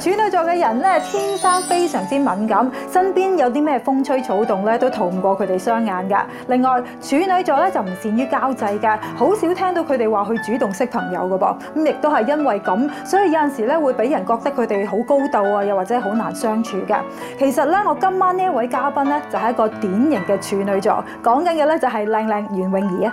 處女座嘅人咧，天生非常之敏感，身邊有啲咩風吹草動咧，都逃唔過佢哋雙眼嘅。另外，處女座咧就唔善於交際嘅，好少聽到佢哋話去主動識朋友嘅噃。咁亦都係因為咁，所以有陣時咧會俾人覺得佢哋好高竇啊，又或者好難相處嘅。其實咧，我今晚呢一位嘉賓咧，就係一個典型嘅處女座，講緊嘅咧就係靚靚袁詠儀啊。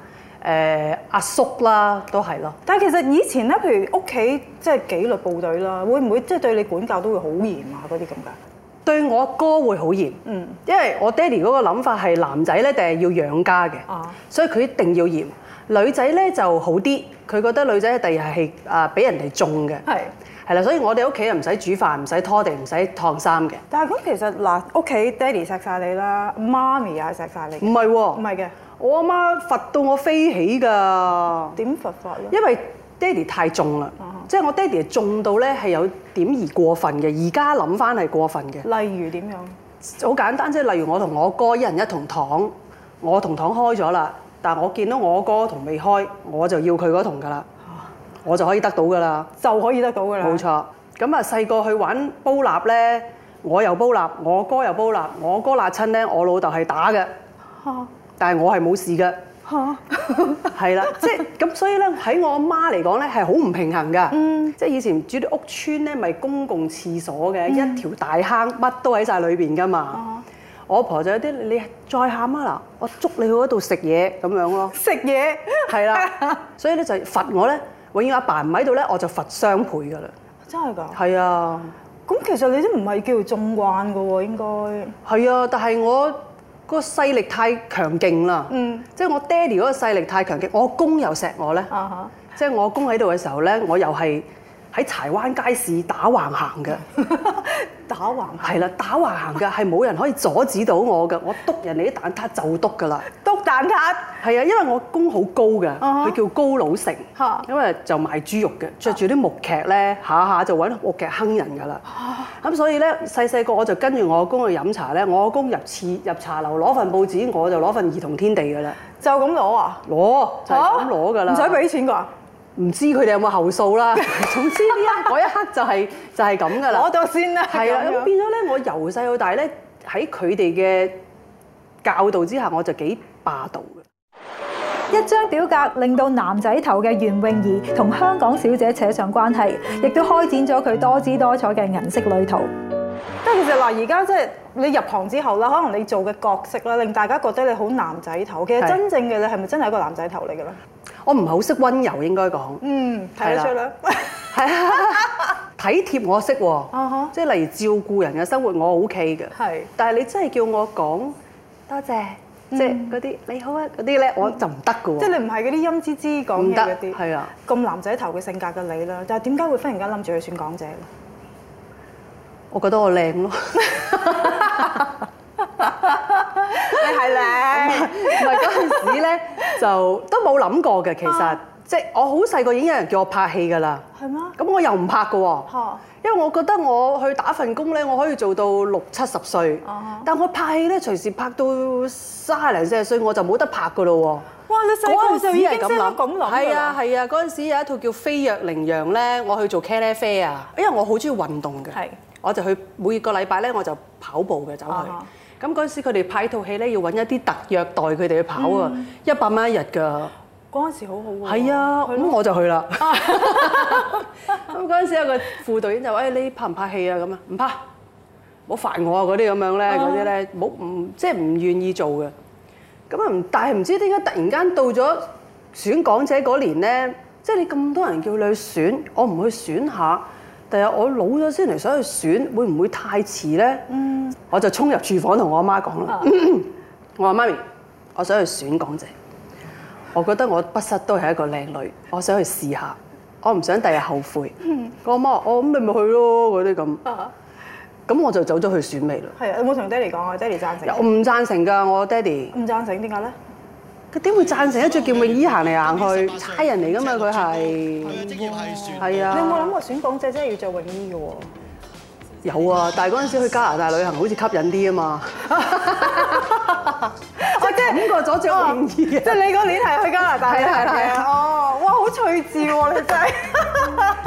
誒阿叔啦，都係咯。但係其實以前咧，譬如屋企即係紀律部隊啦，會唔會即係對你管教都會好嚴啊？嗰啲咁㗎？對我哥會好嚴，因為我爹哋嗰個諗法係男仔咧，定係要養家嘅，所以佢一定要嚴。女仔咧就好啲，佢覺得女仔第二日係啊俾人哋縱嘅，係係啦。所以我哋屋企又唔使煮飯，唔使拖地，唔使燙衫嘅。但係咁其實嗱，屋企爹哋錫曬你啦，媽咪又係錫曬你。唔係喎，唔係嘅。我阿媽罰到我飛起㗎。點罰法咧？因為爹哋太重啦，即係、啊、我爹哋重到咧係有點而過分嘅。而家諗翻係過分嘅。例如點樣？好簡單，即係例如我同我哥一人一桶糖，我桶糖開咗啦，但係我見到我哥同未開，我就要佢嗰桶㗎啦，我就可以得到㗎啦，就可以得到㗎啦。冇錯。咁啊，細個去玩煲蠟咧，我又煲蠟，我哥又煲蠟，我哥辣親咧，我老豆係打嘅。啊但係我係冇事噶、啊，係 啦，即係咁，所以咧喺我阿媽嚟講咧係好唔平衡噶、嗯，即係以前住啲屋村咧，咪公共廁所嘅、嗯、一條大坑，乜都喺晒裏邊噶嘛。啊啊我阿婆就有啲你再喊啊嗱，我捉你去嗰度食嘢咁樣咯，食嘢係啦，是 所以咧就是、罰我咧，我永遠阿爸唔喺度咧，我就罰雙倍噶啦。真係㗎？係是啊。咁其實你都唔係叫做縱慣噶喎，應該係啊是的， 但係我。個勢力太強勁啦，即係、嗯、我爹哋嗰個勢力太強勁，我公又錫我咧，即係、uh huh. 我公喺度嘅時候咧，我又係，喺柴灣街市打橫行嘅，打橫係啦，打橫行嘅係冇人可以阻止到我嘅，我篤人哋啲蛋撻就篤㗎啦，篤 蛋撻係啊，因為我公好高㗎，佢叫高老成，uh huh. 因為就賣豬肉嘅，着住啲木屐咧，下下就揾木屐坑人㗎啦。咁 所以咧，細細個我就跟住我阿公去飲茶咧，我阿公入廁入茶樓攞份報紙，我就攞份兒童天地㗎啦、哦，就咁、是、攞啊，攞就咁攞㗎啦，唔使俾錢㗎。唔知佢哋有冇後數啦。 總之呢一一刻就係、係、 就係咁噶啦。我就先啦。係啊。咁變咗咧，我由細到大咧，喺佢哋嘅教導之下，我就幾霸道嘅。一張表格令到男仔頭嘅袁詠儀同香港小姐扯上關係，亦都開展咗佢多姿多彩嘅銀色旅途。即係、嗯、其實嗱，而家即係你入行之後啦，可能你做嘅角色啦，令大家覺得你好男仔頭。其實真正嘅你係咪真係一個男仔頭嚟㗎咧？的我唔係好識溫柔應該講，嗯，睇得出嘞，係啊，體貼我識喎，啊哈，即係例如照顧人嘅生活我 OK 嘅，係，但係你真係叫我講多謝，即係嗰啲你好啊嗰啲咧我就唔得嘅喎，即係你唔係嗰啲陰滋滋講嘅嗰啲，係啊，咁男仔頭嘅性格嘅你啦，但係點解會忽然間諗住去選港姐？我覺得我靚咯。你係你，唔係嗰陣時咧就都冇諗過嘅。其實、uh. 即係我好細個已經有人叫我拍戲㗎啦。係咩嗎？咁我又唔拍嘅喎。因為我覺得我去打份工咧，我可以做到六七十歲。Uh huh. 但我拍戲咧，隨時拍到三十零四十歲，我就冇得拍㗎咯喎。哇！你細個嗰陣時係咁諗。係啊係啊，嗰陣、啊、時有一套叫《飛躍羚羊》咧，我去做茄哩啡啊。因為我好中意運動嘅，係 我就去每個禮拜咧，我就跑步嘅走去。Uh huh. 咁嗰陣時，佢哋拍套戲咧，要揾一啲特約代佢哋去跑啊，一百蚊一日㗎。嗰陣時好好喎。係啊，咁我就去啦。咁嗰陣時有個副導演就話：誒，你拍唔拍戲 啊？咁啊，唔拍，唔好煩我啊！嗰啲咁樣咧，嗰啲咧，唔唔即係唔願意做嘅。咁啊，但係唔知點解突然間到咗選港姐嗰年咧，即係你咁多人叫你去選，我唔去選下。第日我老咗先嚟想去選，會唔會太遲咧？嗯、我就衝入廚房同我阿媽講啦。嗯、 我話媽咪，我想去選港姐。我覺得我不失都係一個靚女，我想去試下。我唔想第日後悔。我阿、嗯、媽話：我、啊、咁你咪去咯嗰啲咁。咁、啊、我就走咗去選美啦。係啊，有冇同爹哋講啊？爹哋贊成？我唔贊成㗎，我爹哋唔贊成，點解咧？佢點會贊成一著件泳衣行嚟行去，差人嚟㗎嘛！佢係，係是啊！你有冇諗過選港姐真係要着泳衣㗎喎？有啊，但係嗰陣時去加拿大旅行好似吸引啲啊嘛！我 即係是諗過咗著泳衣啊！即係你嗰年係去加拿大 啊？係啊！係啊！哦～ 好趣致喎，你真係！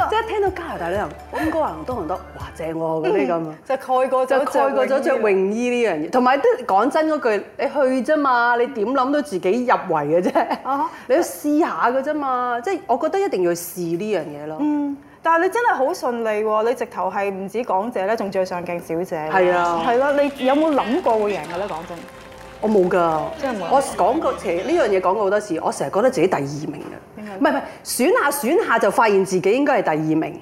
即係聽到加拿大旅行，溫哥華都唔得：「哇，正喎嗰啲咁，即就蓋過，就蓋過咗着泳衣呢樣嘢。同埋都講真嗰句，你去啫嘛，你點諗到自己入圍嘅啫。啊、哈你要試下嘅啫嘛，即係是我覺得一定要試呢樣嘢咯。嗯，但係你真係好順利喎！你直頭係唔止港姐咧，仲最上鏡小姐。係啊的，係咯，你有冇諗過會贏嘅咧？講真。我冇㗎，沒有我講過，其實呢樣嘢講過好多次，我成日覺得自己係第二名嘅，唔係唔係，選下選下就發現自己應該係第二名。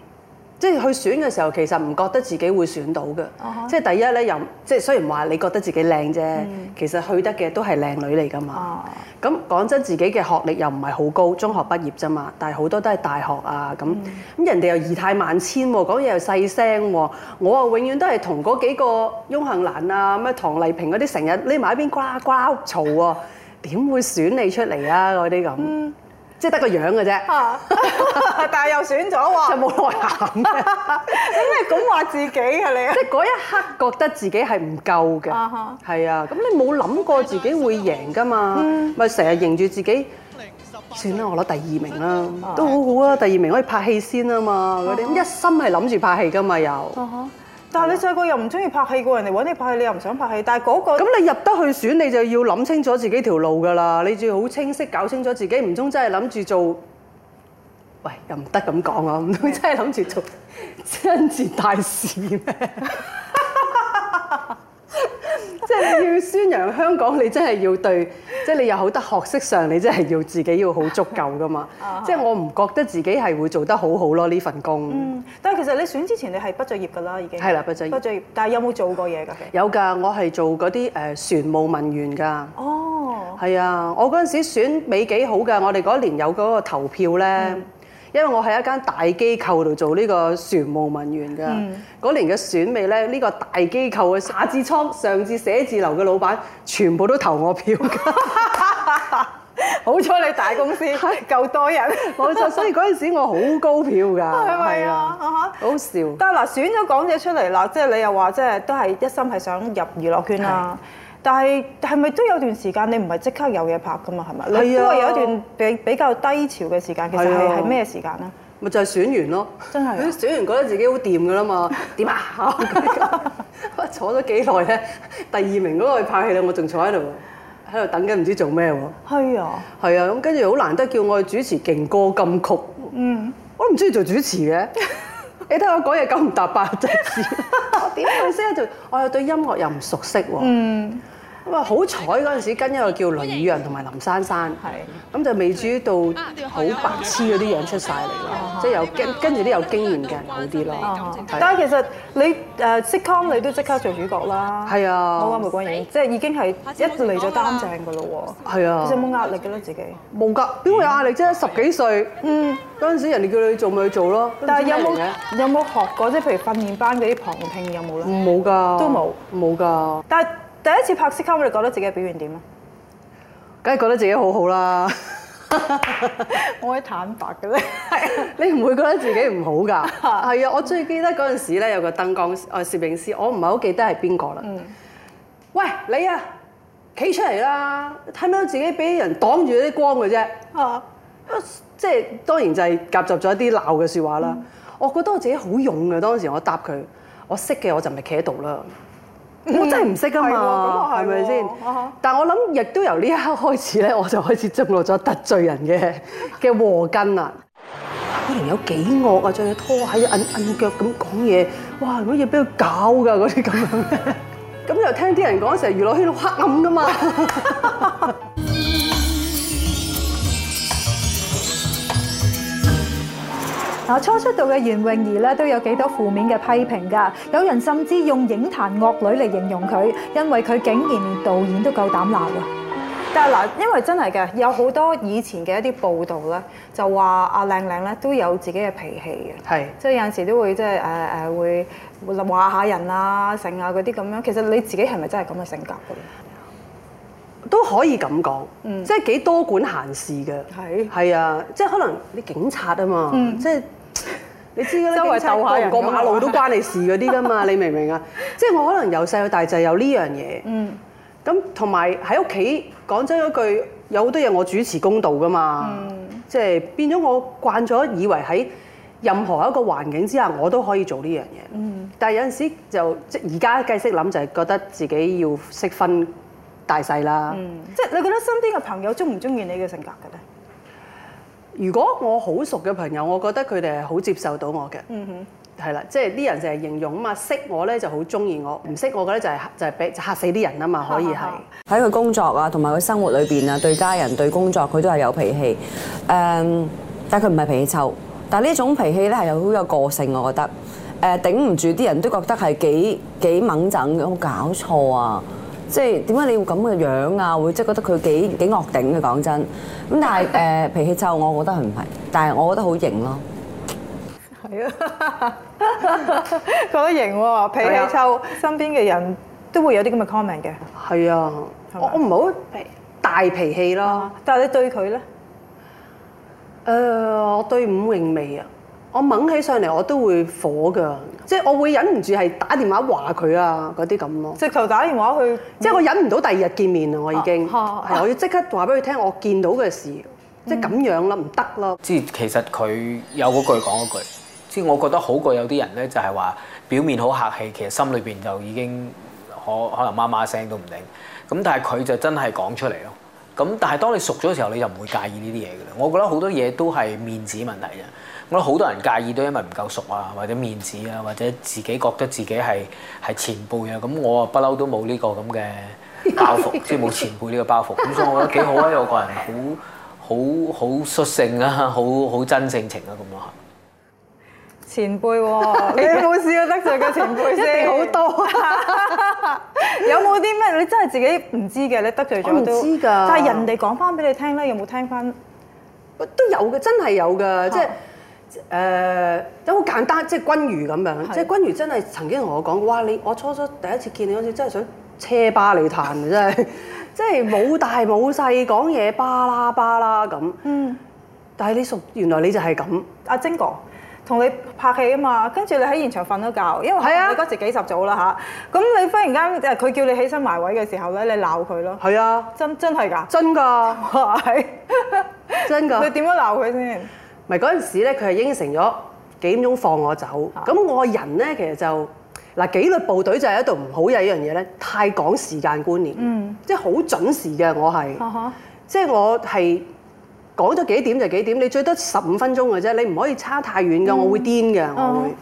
即係去選嘅時候，其實唔覺得自己會選到嘅、uh huh. 即係第一咧，又即係雖然話你覺得自己靚啫，mm. 其實去得嘅都係靚女嚟噶嘛。咁講、oh. 真，自己嘅學歷又唔係好高，中學畢業咋嘛，但係好多都係大學啊咁。咁、mm. 人哋又儀態萬千，講嘢又細聲。我啊，永遠都係同嗰幾個翁杏蘭啊、咩唐麗萍嗰啲成日匿埋一邊呱呱嘈喎，點 會選你出嚟啊？嗰啲咁。 即係得個樣嘅啫，但係又選咗喎， 又冇內涵。咁你咁話自己啊你？即係嗰一刻覺得自己係唔夠嘅，係、huh. 啊，咁你冇諗過自己會贏㗎嘛？咪成日認住自己，18，算啦，我攞第二名啦，uh huh. 都好好啊，第二名可以拍戲先啊嘛，嗰啲、uh huh. 一心係諗住拍戲㗎嘛又。Uh huh. 但係你細個又唔中意拍戲喎，人哋揾你拍戲，你又唔想拍戲。但係、那、嗰個咁你入得去選，你就要諗清楚自己條路㗎啦。你仲要好清晰搞清楚自己唔通真係諗住做，喂又唔得咁講啊！唔通真係諗住做親自大事咩？ 即係你要宣揚香港，你真係要對，即、就、係、是、你有好多學識上，你真係要自己要好足夠噶嘛。 啊、是即係我唔覺得自己係會做得好好咯呢份工。嗯，但係其實你選之前你係畢咗業噶啦，已經係啦，畢咗業。畢咗業，但係有冇做過嘢㗎？有㗎，我係做嗰啲誒船務文員㗎。哦，係啊，我嗰陣時選美幾好㗎，我哋嗰年有嗰個投票咧。嗯因為我喺一間大機構度做呢個船務文員㗎，嗰、嗯、年嘅選美咧，呢、這個大機構嘅下至倉，上至寫字樓嘅老闆，全部都投我票㗎。 好彩你大公司，夠多人，冇錯所以嗰陣時我好高票㗎，係咪 吧啊？好笑。但係嗱，選咗港姐出嚟啦，即、就、係、是、你又話即係都係一心係想入娛樂圈啦。但係係咪都有段時間你唔係即刻有嘢拍㗎嘛？係咪？你都是、啊、有一段比比較低潮嘅時間。其實係咩是、啊、時間咧？咪就係選完咯，真係選完覺得自己好掂㗎啦嘛？點啊 我坐咗幾耐咧， 第二名嗰個去拍戲啦，我仲坐喺度喺度等緊，唔知做咩喎？係啊，係啊，咁跟住好難得叫我去主持勁歌金曲，嗯，我都唔中意做主持嘅。 你睇我講嘢九唔搭八隻字，點會識啊？我就我又對音樂又唔熟悉喎。嗯咁啊！好彩嗰陣時跟一個叫林雨陽同埋林珊珊，咁就未至於到好白痴嗰啲樣出晒嚟咯，即係有跟跟住啲有經驗嘅人好啲咯。但係其實你誒識 com 你都即刻做主角啦。係啊，冇啊，梅君影，即係已經係一直嚟咗擔正嘅咯喎。係啊。其實冇壓力嘅咯，自己冇㗎，點會有壓力啫？十幾歲，嗯，嗰陣時人哋叫你做咪去做咯。但係有冇有冇學過？即係譬如訓練班嗰啲旁聽有冇咧？冇㗎，都冇，冇㗎。但係。第一次拍色卡，你覺得自己嘅表現點咧？梗係覺得自己好好啦，我係坦白嘅咧，你唔會覺得自己唔好㗎。係 啊，我最記得嗰陣時咧，有個燈光啊、哦、攝影師，我唔係好記得係邊個啦。嗯、喂，你啊，企出嚟啦！睇唔到自己俾人擋住啲光嘅啫。啊、嗯，即係當然就係夾雜咗一啲鬧嘅説話啦。嗯、我覺得我自己好勇㗎，當時我答佢，我識嘅我就唔係企喺度啦。我真係唔識㗎嘛，係咪先？啊、但係我諗亦都由呢一刻開始咧，我就開始種落咗得罪人嘅嘅禍根啦。 可能有幾惡啊？著住拖鞋，摁摁腳咁講嘢，哇！如果要俾佢搞㗎？嗰啲咁樣嘅，咁 又 聽啲人講成娛樂圈都黑暗㗎嘛。 嗱，初出道嘅袁詠儀咧都有幾多負面嘅批評㗎，有人甚至用影壇惡女嚟形容佢，因為佢竟然連導演都夠膽鬧啊！但係嗱，因為真係嘅，有好多以前嘅一啲報道咧，就話阿靚靚咧都有自己嘅脾氣嘅，係是，即係有陣時都會即係誒誒會話下人啊、成啊嗰啲咁樣。其實你自己係咪真係咁嘅性格㗎？都可以咁講，即係幾多管閒事嘅，係啊，即係可能你警察啊嘛，即係你知嘅啦，警察過唔過馬路都關你事嗰啲㗎嘛，你明唔明啊？即係我可能由細到大就有呢樣嘢，咁同埋喺屋企講真一句，有好多嘢我主持公道㗎嘛，即係變咗我慣咗以為喺任何一個環境之下，我都可以做呢樣嘢，但係有陣時就即係而家計識諗，就係覺得自己要識分大細啦，嗯、即係你覺得身邊嘅朋友中唔中意你嘅性格嘅咧？如果我好熟嘅朋友，我覺得佢哋係好接受到我嘅。嗯哼，係啦，即係啲人成日形容啊嘛，識我咧就好中意我，唔識我嘅咧就係、係、就係、係、俾、就係、嚇死啲人啊嘛，可以係喺佢工作啊，同埋佢生活裏邊啊，對家人、對工作，佢都係有脾氣。誒、嗯，但係佢唔係脾氣臭，但係呢種脾氣咧係有好有個性，我覺得誒、呃、頂唔住啲人都覺得係幾幾猛憎，有冇搞錯啊！即係點解你要咁嘅樣啊？會即係覺得佢幾幾惡頂嘅，講真。咁但係誒，脾氣臭，我覺得佢唔係，但係我覺得好型咯。係啊，覺得型喎，脾氣臭，身邊嘅人都會有啲咁嘅 comment 嘅。係啊，我我唔係好大脾氣咯，但係你對佢咧？誒，我對伍詠薇啊。我掹起上嚟，我都會火㗎，即係我會忍唔住係打電話話佢啊，嗰啲咁咯，即係直頭打電話去，即係我忍唔到第二日見面啊。我已經係、啊啊、我要即刻話俾佢聽，我見到嘅事，即係咁樣啦，唔得咯。即係其實佢有嗰句講嗰句，即係我覺得好過有啲人咧，就係話表面好客氣，其實心裏邊就已經可可能媽媽聲都唔定。咁但係佢就真係講出嚟咯。咁但係當你熟咗嘅時候，你就唔會介意呢啲嘢嘅啦。我覺得好多嘢都係面子問題啫。我好多人介意都因為唔夠熟啊，或者面子啊，或者自己覺得自己係係前輩啊。咁我啊不嬲都冇呢個咁嘅包袱，即係冇前輩呢個包袱。咁所以我覺得幾好啊！有個人好好好率性啊，好好真性情啊咁咯。前輩，你有冇試過得罪個前輩先好 很多啊？ 有冇啲咩？你真係自己唔知嘅，你得罪咗都唔知㗎，但係人哋講翻俾你聽咧，有冇聽翻？都有嘅，真係有嘅，即係。誒，即好、uh, 簡單，即係君如咁樣。即係的君如真係曾經同我講，哇！你我初初第一次見你嗰時，真係想車巴你彈真係，即係冇大冇細講嘢，巴啦巴啦咁。嗯。但係你熟，原來你就係咁。阿晶、啊、哥，同你拍戲啊嘛，跟住你喺現場瞓咗覺，因為你嗰時幾十組啦吓，咁的你、啊、你忽然間誒，佢叫你起身埋位嘅時候咧，你鬧佢咯。係啊的，真 真係的㗎。真㗎。 係。真㗎。你點樣鬧佢先？咪嗰陣時咧，佢係應承咗幾點鐘放我走。咁、啊、我個人咧，其實就嗱紀律部隊就係一度唔好嘅一樣嘢咧，太講時間觀念，嗯、即係好準時嘅我係，啊、哈即係我係講咗幾點就幾點，你最多十五分鐘嘅啫，你唔可以差太遠㗎，嗯、我會癲嘅，啊、我會。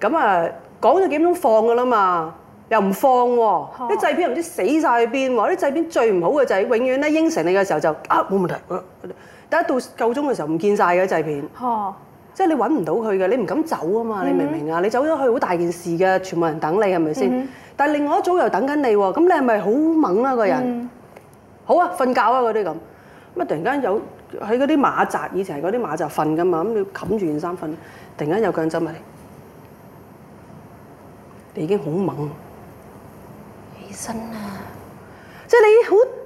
咁啊，哈啊，講咗幾點鐘放㗎啦嘛，又唔放喎，啲製片唔知死晒去邊喎，啲製片最唔好嘅就係永遠咧應承你嘅時候就啊冇問題。啊啊啊得一到夠鐘嘅時候唔見晒嘅製片，呵呵即係你揾唔到佢嘅，你唔敢走啊嘛！嗯嗯你明唔明啊？你走咗去好大件事嘅，全部人等你係咪先？嗯、但係另外一組又等緊你喎，咁你係咪好猛啊個人？好啊，瞓、嗯、覺啊嗰啲咁，咁啊突然間有喺嗰啲馬扎，以前係嗰啲馬扎瞓噶嘛，咁你冚住件衫瞓，突然間有腳執埋，你你已經好猛起身啊！即係你好。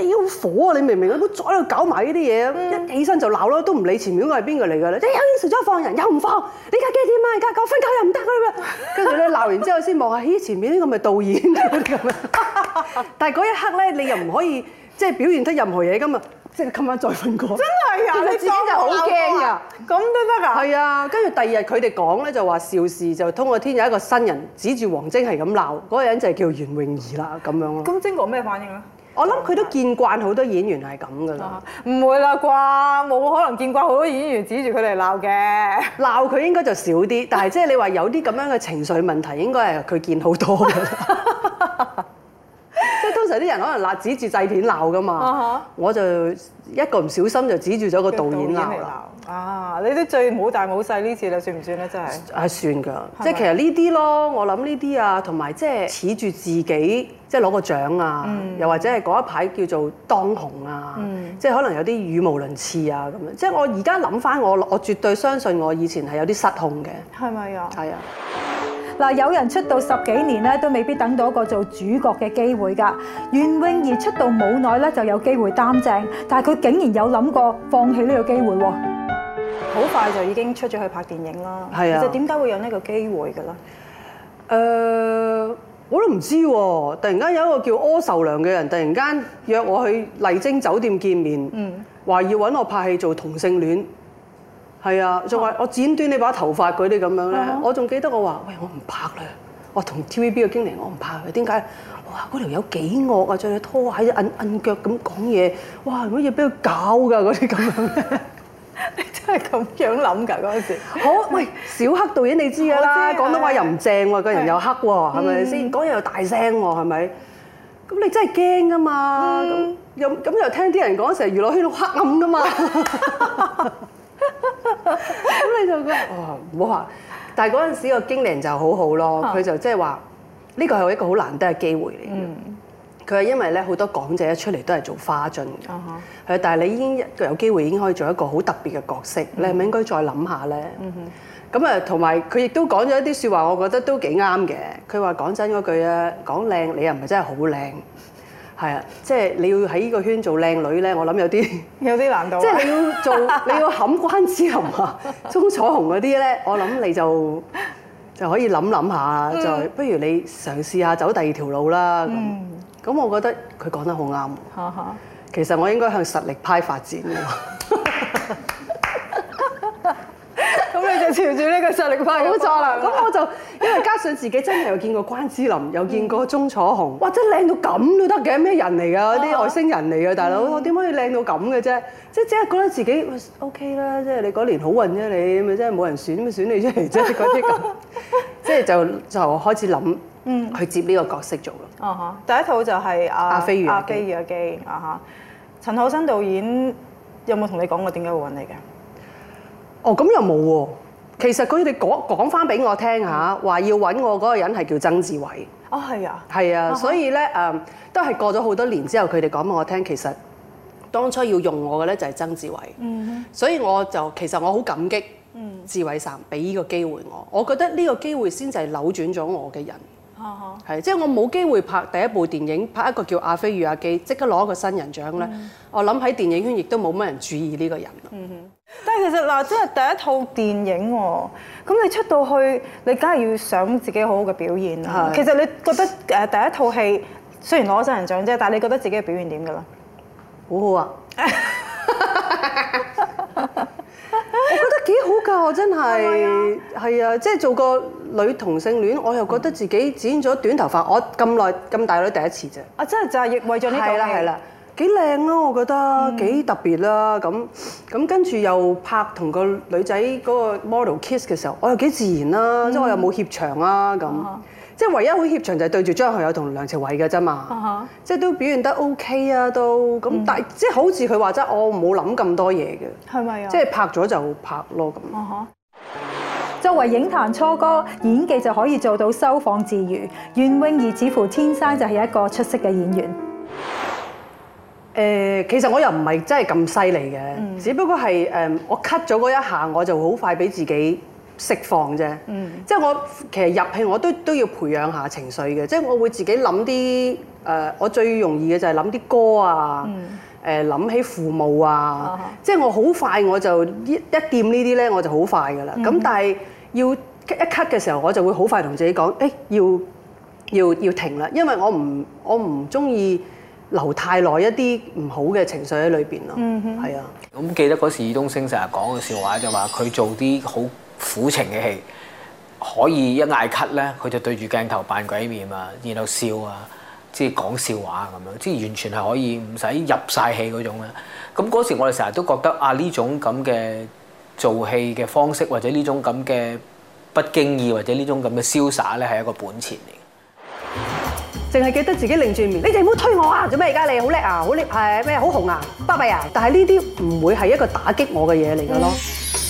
要火啊！你明明咁坐喺度搞埋呢啲嘢，一起身就鬧啦，都唔理前面嗰個係邊個嚟㗎咧！又遲咗放人，又唔放，你家幾點啊？家九瞓覺又唔得㗎啦！跟住咧鬧完之後先望下，咦？前面呢個咪導演咁樣。但係嗰一刻咧，你又唔可以即係表現得任何嘢。今日即係今晚再瞓過。真係啊！其實自己就好驚啊！咁都得啊？係啊！跟住第二日佢哋講咧，就話邵氏就通過天有一個新人指住黃晶係咁鬧，嗰個人就係叫袁詠儀啦咁樣咯。咁晶哥咩反應啊？我諗佢都見慣好多演員係咁噶啦，唔會啦啩，冇可能見慣好多演員指住佢嚟鬧嘅，鬧佢應該就少啲，但係即係你話有啲咁樣嘅情緒問題，應該係佢見好多噶啦。 有啲人可能指住製片鬧噶嘛、uh，huh。我就一個唔小心就指住咗個導演鬧啦。啊，你都最冇大冇細呢次，你算唔算咧？真係係算㗎，即係嗎其實呢啲咯，我諗呢啲啊，同埋即係恃住自己即係攞個獎啊，mm。又或者係嗰一排叫做當紅啊，mm。即係可能有啲語無倫次啊咁樣。即係我而家諗翻，我我絕對相信我以前係有啲失控嘅。係咪啊？係啊嗎。嗱，有人出道十幾年咧，都未必等到一個做主角嘅機會㗎。袁詠儀出道冇耐咧，就有機會擔正，但係佢竟然有諗過放棄呢個機會喎。好快就已經出咗去拍電影啦。係啊。其實點解會有呢個機會㗎咧？誒，我都唔知喎。突然間有一個叫柯受良嘅人，突然間約我去麗晶酒店見面，嗯，話要揾我拍戲做同性戀。係啊，仲話我剪短你把頭髮嗰啲咁樣咧，我仲記得我話喂，我唔拍啦，我同 TVB 嘅經理，我唔拍，佢點解？我話嗰條友幾惡啊，著對拖鞋，韌韌腳咁講嘢，哇！如果要俾佢搞㗎嗰啲咁樣咧？ 你真係咁樣諗㗎嗰陣時？好、啊、喂，小黑導演你知㗎啦，廣東話又唔正喎，個人又黑喎，係咪先？講嘢又大聲喎，係咪？咁你真係驚㗎嘛？又咁、嗯、又聽啲人講，成娛 樂圈都黑暗㗎嘛？ 咁你就覺得哦，唔好話，但係嗰陣時個經理人就好好咯。佢就即係話呢個係一個好難得嘅機會嚟嘅。佢係因為咧好多港姐一出嚟都係做花樽嘅，係。但係你已經一有機會已經可以做一個好特別嘅角色，你係咪應該再諗下咧？咁啊，同埋佢亦都講咗一啲説話，我覺得都幾啱嘅。佢話講真嗰句啊，講靚你又唔係真係好靚。係啊，即係、就是、你要喺呢個圈做靚女呢，我諗有啲有啲難度。即係你要做 你要冚關之琳啊，鍾楚紅嗰啲呢，我諗你就就可以諗諗下，就不如你嘗試下走第二條路啦。咁、嗯、我覺得佢講得好啱。 其實我應該向實力派發展。 朝住呢個實力派冇錯啦！咁、嗯、我就 因為加上自己真係有見過關之琳，又見過鐘楚紅，哇！真靚到咁都得嘅咩人嚟㗎？啲、啊、外星人嚟㗎，大佬！我點、嗯啊、可以靚到咁嘅啫？即係即係覺得自己 O K 啦，即係、okay、你嗰年好運啫，你咪即係冇人選咪選，選你出嚟啫，啲咁。 即係就就，就開始諗、嗯、去接呢個角色做咯。啊、嗯、第一套就係阿，阿飛與阿基與阿基啊哈、嗯嗯嗯！陳浩生導演有冇同你講過點解會揾你嘅？ 哦，咁又冇喎。其實佢哋講講翻俾我聽嚇，話要揾我嗰個人係叫曾志偉。啊、哦，係啊，係啊，所以呢，誒、嗯哼，都係過咗好多年之後，佢哋講俾我聽，其實當初要用我嘅呢，就係曾志偉。所以我就其實我好感激志偉散俾呢個機會我，我覺得呢個機會先就係扭轉咗我嘅人。係，即係我冇機會拍第一部電影，拍一個叫《阿飛與阿基》，即刻攞個新人獎咧。我諗喺電影圈亦都冇乜人注意呢個人。嗯哼，但係其實嗱，真係第一套電影喎，咁你出到去，你梗係要想自己好好嘅表現啦。其實你覺得誒第一套戲雖然攞新人獎啫，但係你覺得自己嘅表現點㗎啦？好好啊！我覺得幾好㗎，我真係係啊，即係做個，女同性戀，我又覺得自己剪咗短頭髮，我咁耐咁大女第一次啫。啊，真係就係為咗呢度係啦係啦，幾靚囉！我覺得幾、嗯、特別啦。咁咁跟住又拍同個女仔嗰個 model kiss 嘅時候，我又幾自然啦，即係、嗯、我又冇怯場啊咁。嗯、即係唯一會怯場就係對住張學友同梁朝偉㗎啫嘛。嗯、即係都表現得 OK 啊都。咁但、嗯、即係好似佢話齋，我冇諗咁多嘢嘅。係咪啊？即係拍咗就拍咯咁。作為影壇初哥，演技就可以做到收放自如。袁詠儀似乎天生就係一個出色嘅演員。誒、呃，其實我又唔係真係咁犀利嘅，mm. 只不過係誒、呃、我 cut 咗嗰一下，我就好快俾自己釋放啫。Mm. 即係我其實入戲我都都要培養下情緒嘅，即係我會自己諗啲誒，我最容易嘅就係諗啲歌啊，誒諗、mm. 呃、起父母啊，mm. 即係我好快我就一一掂呢啲咧，我就好快㗎喇。咁但係要一咳嘅時候，我就會好快同自己講，誒、欸，要要要停啦，因為我唔我唔中意留太耐一啲唔好嘅情緒喺裏邊咯。嗯哼，係啊。咁記得嗰時李東升成日講嘅笑話就話佢做啲好苦情嘅戲，可以一嗌咳 u 咧，佢就對住鏡頭扮鬼面啊，然後笑啊，即係講笑話咁樣，即係完全係可以唔使入晒氣嗰種咁，嗰時我哋成日都覺得啊，呢種咁嘅。做戲嘅方式，或者呢種咁嘅不經意，或者呢種咁嘅瀟灑咧，係一個本錢嚟。淨係記得自己擰住面，你哋唔好推我啊！做咩而家你好叻啊？好叻係咩？好紅啊！巴閉啊！但係呢啲唔會係一個打擊我嘅嘢嚟㗎咯。嗯。